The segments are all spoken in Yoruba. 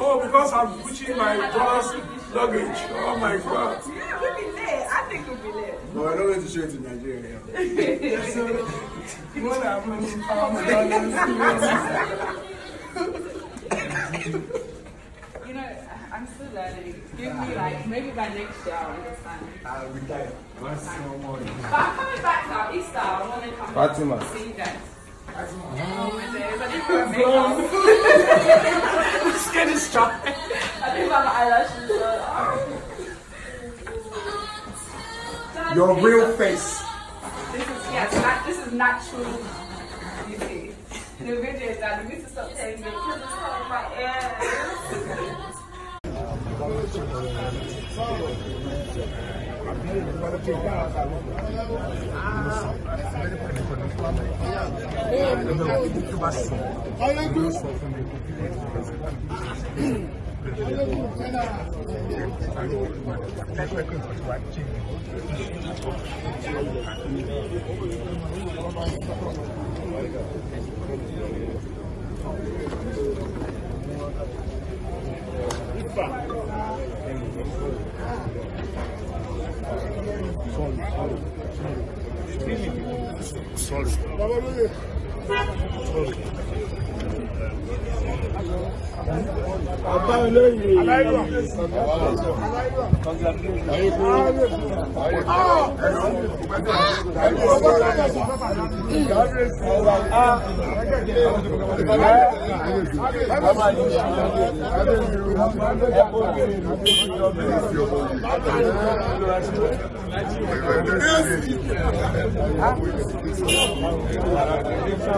Oh, because I'm pushing my daughter's luggage. Oh my God. Yeah, we'll be late. I think we'll be late. No, I don't want to show it to Nigeria. so, what happened to our You know, I'm still learning. Give me like, maybe by next year I'll understand. I'll retire. One But I'm coming back now. Easter, I want to come Fatima. I think my eyelashes are Your real face. This is yeah, not, this is natural see, The video is that this is something because it's on my ears. Ah. ibi tó sonrasında. Bàbá olóyè aláìwà. Yes.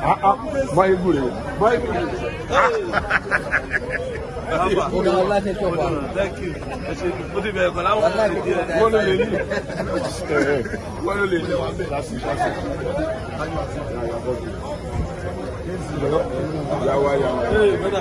Ah, ah, báyìí gùn rẹ̀. Báyìí gùn rẹ̀. Ọ̀gá aláṣẹ tí ọba. Ó ti bẹ̀rẹ̀ pẹ̀lú àwọn ọmọ ìdí rẹ̀. Wọ́n ló lè ní. Wọ́n ló lè ní. Yàwá yàwá.